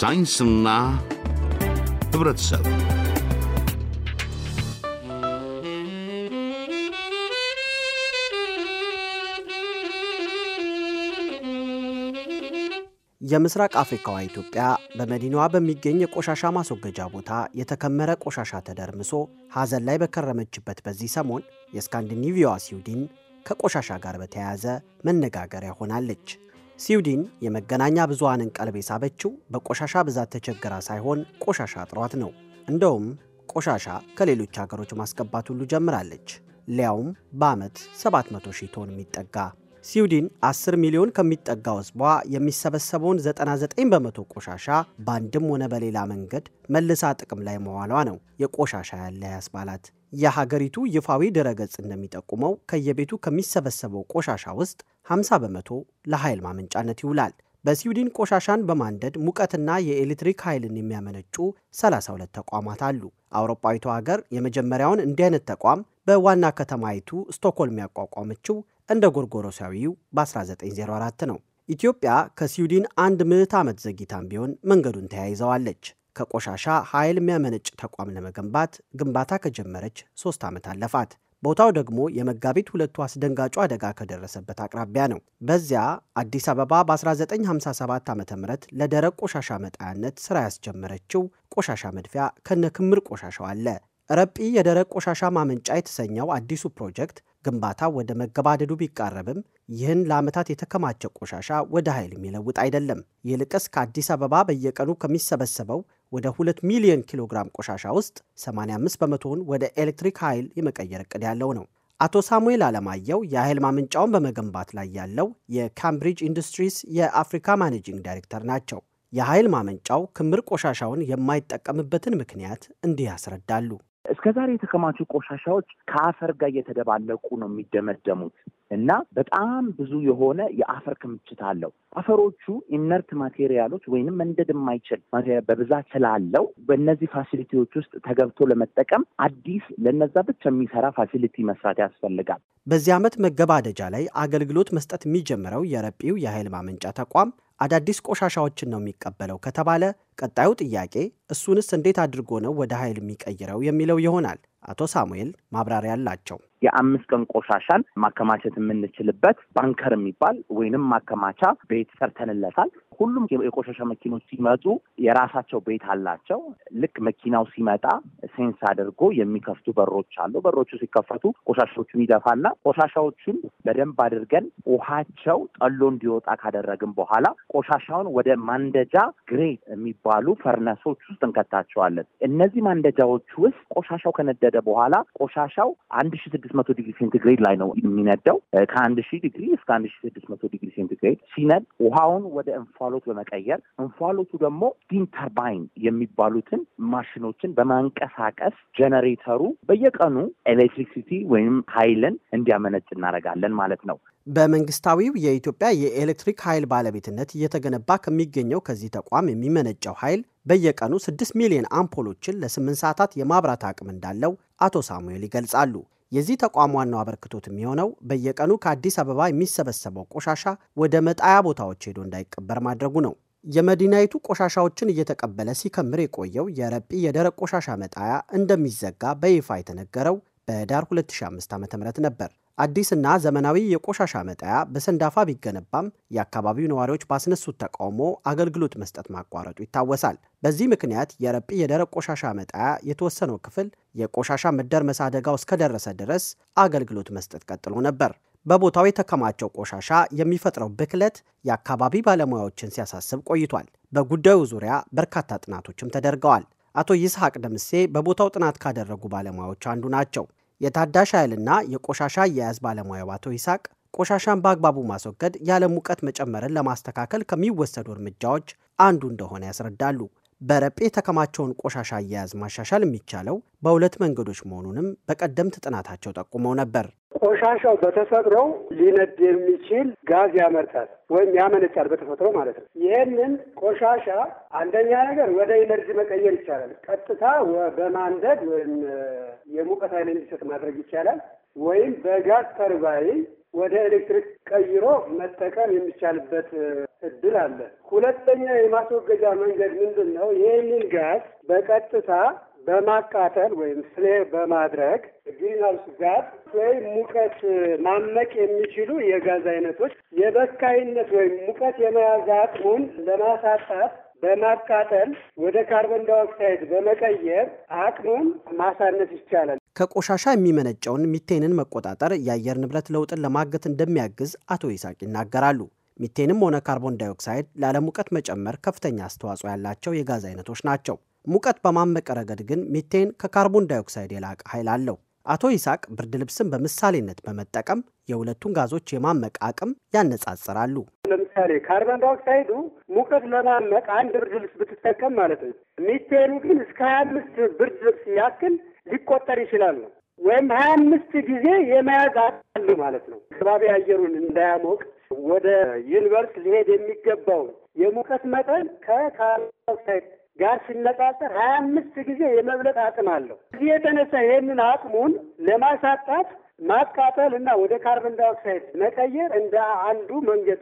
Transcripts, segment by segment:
ሳይንስና ህብረተሰብ የምስራቅ አፍሪካዋ ኢትዮጵያ በመዲናዋ በሚገኝ የቆሻሻ ማስወገጃ ቦታ የተከመረ ቆሻሻ ተደርምሶ ሐዘን ላይ በከረመችበት በዚህ ሰሞን የስካንዲኔቪያዋ ስዊድን ከቆሻሻ ጋር በተያያዘ መነጋገሪያ ሆናለች። ሲውዲን የመገናኛ ብዙሃንን ቀልብ የሳበችው በቆሻሻ ብዛት ተቸግራ ሳይሆን ቆሻሻ ጥሯት ነው። እንደውም ቆሻሻ ከሌሎች ሀገሮች ማስገባት ሁሉ ጀምራለች። ሊያውም በዓመት 700 ሺህ ቶን የሚጠጋ ስዊድን 10 ሚሊዮን ከሚጠጋ ወስቧ የሚሰበሰበውን 99 በመቶ ቆሻሻ በአንድም ሆነ በሌላ መንገድ መልሳ ጥቅም ላይ መዋሏ ነው የቆሻሻ ያለ ያስባላት። የሀገሪቱ ይፋዊ ድረገጽ እንደሚጠቁመው ከየቤቱ ከሚሰበሰበው ቆሻሻ ውስጥ 50 በመቶ ለኃይል ማመንጫነት ይውላል። በስዊድን ቆሻሻን በማንደድ ሙቀትና የኤሌክትሪክ ኃይልን የሚያመነጩ 32 ተቋማት አሉ። አውሮፓዊቱ ሀገር የመጀመሪያውን እንዲህ አይነት ተቋም በዋና ከተማይቱ ስቶኮልም ያቋቋመችው እንደ ጎርጎሮሳዊው በ1904 ነው። ኢትዮጵያ ከስዊድን አንድ ምዕት ዓመት ዘግይታም ቢሆን መንገዱን ተያይዘዋለች። ከቆሻሻ ኃይል የሚያመነጭ ተቋም ለመገንባት ግንባታ ከጀመረች ሶስት ዓመት አለፋት። ቦታው ደግሞ የመጋቢት ሁለቱ አስደንጋጩ አደጋ ከደረሰበት አቅራቢያ ነው። በዚያ አዲስ አበባ በ1957 ዓ ም ለደረቅ ቆሻሻ መጣያነት ስራ ያስጀመረችው ቆሻሻ መድፊያ ከነክምር ቆሻሻው አለ። ረጲ የደረቅ ቆሻሻ ማመንጫ የተሰኘው አዲሱ ፕሮጀክት ግንባታ ወደ መገባደዱ ቢቃረብም ይህን ለዓመታት የተከማቸ ቆሻሻ ወደ ኃይል የሚለውጥ አይደለም። ይልቅስ ከአዲስ አበባ በየቀኑ ከሚሰበሰበው ወደ 2 ሚሊዮን ኪሎ ግራም ቆሻሻ ውስጥ 85 በመቶውን ወደ ኤሌክትሪክ ኃይል የመቀየር እቅድ ያለው ነው። አቶ ሳሙኤል አለማየው የኃይል ማመንጫውን በመገንባት ላይ ያለው የካምብሪጅ ኢንዱስትሪስ የአፍሪካ ማኔጂንግ ዳይሬክተር ናቸው። የኃይል ማመንጫው ክምር ቆሻሻውን የማይጠቀምበትን ምክንያት እንዲህ ያስረዳሉ። እስከ ዛሬ የተከማቹ ቆሻሻዎች ከአፈር ጋር እየተደባለቁ ነው የሚደመደሙት እና በጣም ብዙ የሆነ የአፈር ክምችት አለው። አፈሮቹ ኢነርት ማቴሪያሎች ወይንም መንደድ የማይችል በብዛት ስላለው በእነዚህ ፋሲሊቲዎች ውስጥ ተገብቶ ለመጠቀም አዲስ ለነዛ ብቻ የሚሰራ ፋሲሊቲ መስራት ያስፈልጋል። በዚህ ዓመት መገባደጃ ላይ አገልግሎት መስጠት የሚጀምረው የረጲው የኃይል ማመንጫ ተቋም አዳዲስ ቆሻሻዎችን ነው የሚቀበለው ከተባለ ቀጣዩ ጥያቄ እሱንስ እንዴት አድርጎ ነው ወደ ኃይል የሚቀይረው የሚለው ይሆናል። አቶ ሳሙኤል ማብራሪያ አላቸው። የአምስት ቀን ቆሻሻን ማከማቸት የምንችልበት ባንከር የሚባል ወይንም ማከማቻ ቤት ሰርተንለታል። ሁሉም የቆሻሻ መኪኖች ሲመጡ የራሳቸው ቤት አላቸው። ልክ መኪናው ሲመጣ ሴንስ አድርጎ የሚከፍቱ በሮች አሉ። በሮቹ ሲከፈቱ ቆሻሻዎቹን ይደፋና ቆሻሻዎቹን በደንብ አድርገን ውሃቸው ጠሎ እንዲወጣ ካደረግን በኋላ ቆሻሻውን ወደ ማንደጃ ግሬት የሚባሉ ፈርነሶች ውስጥ እንከታቸዋለን። እነዚህ ማንደጃዎች ውስጥ ቆሻሻው ከነደደ በኋላ ቆሻሻው አንድ ሺ ስድስት መቶ ዲግሪ ሴንቲግሬድ ላይ ነው የሚነደው። ከአንድ ሺ ዲግሪ እስከ አንድ ሺ ስድስት መቶ ዲግሪ ሴንቲግሬድ ሲነድ ውሃውን ወደ እንፋ እንፋሎት በመቀየር እንፋሎቱ ደግሞ ዲን ተርባይን የሚባሉትን ማሽኖችን በማንቀሳቀስ ጀነሬተሩ በየቀኑ ኤሌክትሪክሲቲ ወይም ኃይልን እንዲያመነጭ እናደርጋለን ማለት ነው። በመንግስታዊው የኢትዮጵያ የኤሌክትሪክ ኃይል ባለቤትነት እየተገነባ ከሚገኘው ከዚህ ተቋም የሚመነጨው ኃይል በየቀኑ 6 ሚሊዮን አምፖሎችን ለስምንት ሰዓታት የማብራት አቅም እንዳለው አቶ ሳሙኤል ይገልጻሉ። የዚህ ተቋም ዋናው አበርክቶት የሚሆነው በየቀኑ ከአዲስ አበባ የሚሰበሰበው ቆሻሻ ወደ መጣያ ቦታዎች ሄዶ እንዳይቀበር ማድረጉ ነው። የመዲናይቱ ቆሻሻዎችን እየተቀበለ ሲከምር የቆየው የረጲ የደረቅ ቆሻሻ መጣያ እንደሚዘጋ በይፋ የተነገረው በህዳር 2005 ም ነበር። አዲስና ዘመናዊ የቆሻሻ መጣያ በሰንዳፋ ቢገነባም የአካባቢው ነዋሪዎች ባስነሱት ተቃውሞ አገልግሎት መስጠት ማቋረጡ ይታወሳል። በዚህ ምክንያት የረጲ የደረቅ ቆሻሻ መጣያ የተወሰነው ክፍል የቆሻሻ መደርመስ አደጋ እስከደረሰ ድረስ አገልግሎት መስጠት ቀጥሎ ነበር። በቦታው የተከማቸው ቆሻሻ የሚፈጥረው ብክለት የአካባቢ ባለሙያዎችን ሲያሳስብ ቆይቷል። በጉዳዩ ዙሪያ በርካታ ጥናቶችም ተደርገዋል። አቶ ይስሐቅ ደምሴ በቦታው ጥናት ካደረጉ ባለሙያዎች አንዱ ናቸው። የታዳሽ ኃይልና የቆሻሻ አያያዝ ባለሙያው አቶ ይስሐቅ ቆሻሻን በአግባቡ ማስወገድ የዓለም ሙቀት መጨመርን ለማስተካከል ከሚወሰዱ እርምጃዎች አንዱ እንደሆነ ያስረዳሉ። በረጴ የተከማቸውን ቆሻሻ አያያዝ ማሻሻል የሚቻለው በሁለት መንገዶች መሆኑንም በቀደምት ጥናታቸው ጠቁመው ነበር። ቆሻሻው በተፈጥሮው ሊነድ የሚችል ጋዝ ያመርታል ወይም ያመነጫል በተፈጥሮ ማለት ነው። ይህንን ቆሻሻ አንደኛ ነገር ወደ ኢነርጂ መቀየር ይቻላል። ቀጥታ በማንደድ ወይም የሙቀት ኃይል እንዲሰጥ ማድረግ ይቻላል። ወይም በጋዝ ተርባይን ወደ ኤሌክትሪክ ቀይሮ መጠቀም የሚቻልበት እድል አለ። ሁለተኛ የማስወገጃ መንገድ ምንድን ነው? ይህንን ጋዝ በቀጥታ በማቃጠል ወይም ስሌ በማድረግ ግሪንሃውስ ጋር ወይ ሙቀት ማመቅ የሚችሉ የጋዝ አይነቶች የበካይነት ወይም ሙቀት የመያዝ አቅሙን ለማሳጣት በማቃጠል ወደ ካርቦን ዳይኦክሳይድ በመቀየር አቅሙን ማሳነስ ይቻላል። ከቆሻሻ የሚመነጨውን ሚቴንን መቆጣጠር የአየር ንብረት ለውጥን ለማገት እንደሚያግዝ አቶ ይስሐቅ ይናገራሉ። ሚቴንም ሆነ ካርቦን ዳይኦክሳይድ ለዓለም ሙቀት መጨመር ከፍተኛ አስተዋጽኦ ያላቸው የጋዝ አይነቶች ናቸው። ሙቀት በማመቅ ረገድ ግን ሚቴን ከካርቦን ዳይኦክሳይድ የላቀ ኃይል አለው። አቶ ይስቅ ብርድ ልብስን በምሳሌነት በመጠቀም የሁለቱን ጋዞች የማመቅ አቅም ያነጻጽራሉ። ለምሳሌ ካርቦን ዳይኦክሳይዱ ሙቀት ለማመቅ አንድ ብርድ ልብስ ብትጠቀም ማለት ነው። ሚቴኑ ግን እስከ ሀያ አምስት ብርድ ልብስ ያክል ሊቆጠር ይችላል ነው ወይም ሀያ አምስት ጊዜ የመያዝ አሉ ማለት ነው። ከባቢ አየሩን እንዳያሞቅ ወደ ዩኒቨርስ ሊሄድ የሚገባውን የሙቀት መጠን ከካርቦን ዳይኦክሳይድ ጋር ሲነጻጸር ሀያ አምስት ጊዜ የመብለጥ አቅም አለው። እዚህ የተነሳ ይህንን አቅሙን ለማሳጣት ማቃጠል እና ወደ ካርቦን ዳይኦክሳይድ መቀየር እንደ አንዱ መንገድ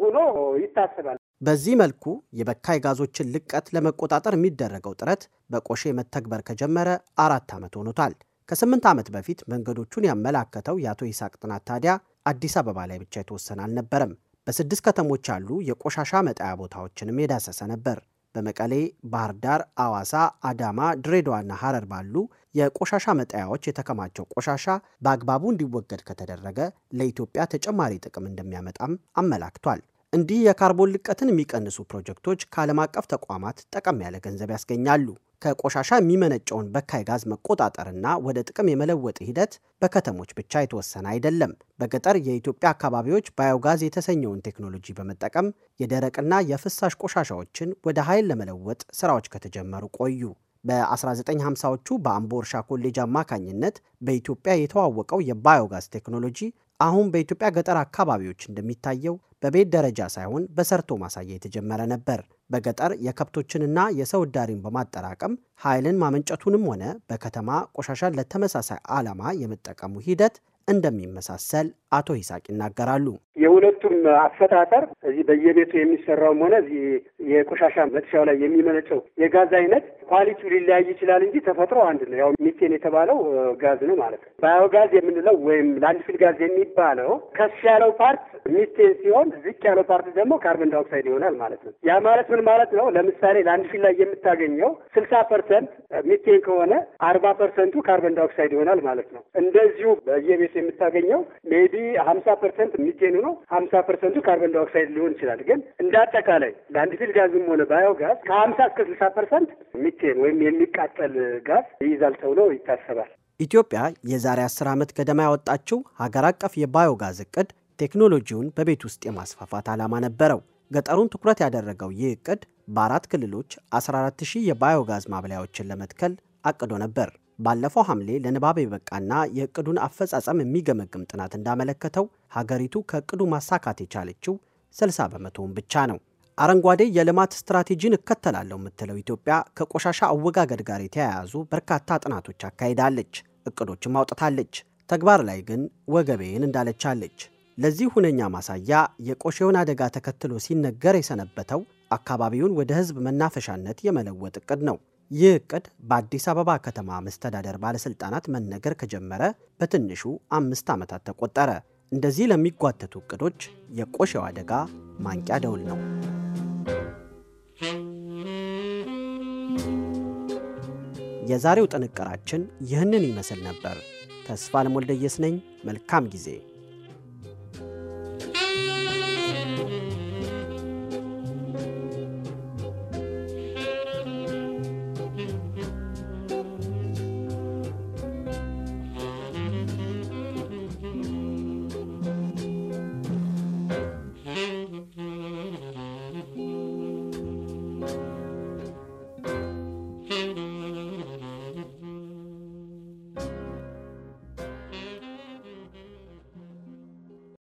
ሆኖ ይታሰባል። በዚህ መልኩ የበካይ ጋዞችን ልቀት ለመቆጣጠር የሚደረገው ጥረት በቆሼ መተግበር ከጀመረ አራት ዓመት ሆኖታል። ከስምንት ዓመት በፊት መንገዶቹን ያመላከተው የአቶ ይስሐቅ ጥናት ታዲያ አዲስ አበባ ላይ ብቻ የተወሰነ አልነበረም። በስድስት ከተሞች ያሉ የቆሻሻ መጣያ ቦታዎችንም የዳሰሰ ነበር። በመቀሌ፣ ባህር ዳር፣ አዋሳ፣ አዳማ፣ ድሬዳዋና ሐረር ባሉ የቆሻሻ መጣያዎች የተከማቸው ቆሻሻ በአግባቡ እንዲወገድ ከተደረገ ለኢትዮጵያ ተጨማሪ ጥቅም እንደሚያመጣም አመላክቷል። እንዲህ የካርቦን ልቀትን የሚቀንሱ ፕሮጀክቶች ከዓለም አቀፍ ተቋማት ጠቀም ያለ ገንዘብ ያስገኛሉ። ከቆሻሻ የሚመነጨውን በካይ ጋዝ መቆጣጠርና ወደ ጥቅም የመለወጥ ሂደት በከተሞች ብቻ የተወሰነ አይደለም። በገጠር የኢትዮጵያ አካባቢዎች ባዮጋዝ የተሰኘውን ቴክኖሎጂ በመጠቀም የደረቅና የፍሳሽ ቆሻሻዎችን ወደ ኃይል ለመለወጥ ስራዎች ከተጀመሩ ቆዩ። በ1950ዎቹ በአምቦ እርሻ ኮሌጅ አማካኝነት በኢትዮጵያ የተዋወቀው የባዮጋዝ ቴክኖሎጂ አሁን በኢትዮጵያ ገጠር አካባቢዎች እንደሚታየው በቤት ደረጃ ሳይሆን በሰርቶ ማሳያ የተጀመረ ነበር። በገጠር የከብቶችንና የሰው ዳሪን በማጠራቀም ኃይልን ማመንጨቱንም ሆነ በከተማ ቆሻሻን ለተመሳሳይ ዓላማ የመጠቀሙ ሂደት እንደሚመሳሰል አቶ ይስሐቅ ይናገራሉ። የሁለቱም አፈጣጠር እዚህ በየቤቱ የሚሰራውም ሆነ እዚህ የቆሻሻ መጥሻው ላይ የሚመነጨው የጋዝ አይነት ኳሊቲው ሊለያይ ይችላል እንጂ ተፈጥሮ አንድ ነው። ያው ሚቴን የተባለው ጋዝ ነው ማለት ነው። ባዮጋዝ የምንለው ወይም ላንድፊል ጋዝ የሚባለው ከፍ ያለው ፓርት ሚቴን ሲሆን ዝቅ ያለው ፓርት ደግሞ ካርቦን ዳይኦክሳይድ ይሆናል ማለት ነው። ያ ማለት ምን ማለት ነው? ለምሳሌ ላንድፊል ላይ የምታገኘው ስልሳ ፐርሰንት ሚቴን ከሆነ አርባ ፐርሰንቱ ካርቦን ዳይኦክሳይድ ይሆናል ማለት ነው። እንደዚሁ በየቤቱ የምታገኘው ሜቢ ስለዚህ ሀምሳ ፐርሰንት የሚገኙ ነው። ሀምሳ ፐርሰንቱ ካርበን ዳይኦክሳይድ ሊሆን ይችላል። ግን እንደ አጠቃላይ ለአንዲፊል ጋዝም ሆነ ባዮ ጋዝ ከሀምሳ እስከ ስልሳ ፐርሰንት ሚቴን ወይም የሚቃጠል ጋዝ ይይዛል ተብሎ ይታሰባል። ኢትዮጵያ የዛሬ አስር ዓመት ገደማ ያወጣችው ሀገር አቀፍ የባዮ ጋዝ እቅድ ቴክኖሎጂውን በቤት ውስጥ የማስፋፋት ዓላማ ነበረው። ገጠሩን ትኩረት ያደረገው ይህ እቅድ በአራት ክልሎች 14 የባዮ ጋዝ ማብለያዎችን ለመትከል አቅዶ ነበር። ባለፈው ሐምሌ ለንባብ የበቃና የእቅዱን አፈጻጸም የሚገመግም ጥናት እንዳመለከተው ሀገሪቱ ከእቅዱ ማሳካት የቻለችው 60 በመቶውን ብቻ ነው። አረንጓዴ የልማት ስትራቴጂን እከተላለሁ የምትለው ኢትዮጵያ ከቆሻሻ አወጋገድ ጋር የተያያዙ በርካታ ጥናቶች አካሂዳለች፣ እቅዶችም አውጥታለች። ተግባር ላይ ግን ወገቤን እንዳለቻለች። ለዚህ ሁነኛ ማሳያ የቆሼውን አደጋ ተከትሎ ሲነገር የሰነበተው አካባቢውን ወደ ህዝብ መናፈሻነት የመለወጥ እቅድ ነው። ይህ እቅድ በአዲስ አበባ ከተማ መስተዳደር ባለሥልጣናት መነገር ከጀመረ በትንሹ አምስት ዓመታት ተቆጠረ። እንደዚህ ለሚጓተቱ እቅዶች የቆሼው አደጋ ማንቂያ ደውል ነው። የዛሬው ጥንቅራችን ይህንን ይመስል ነበር። ተስፋ ለሞልደየስ ነኝ። መልካም ጊዜ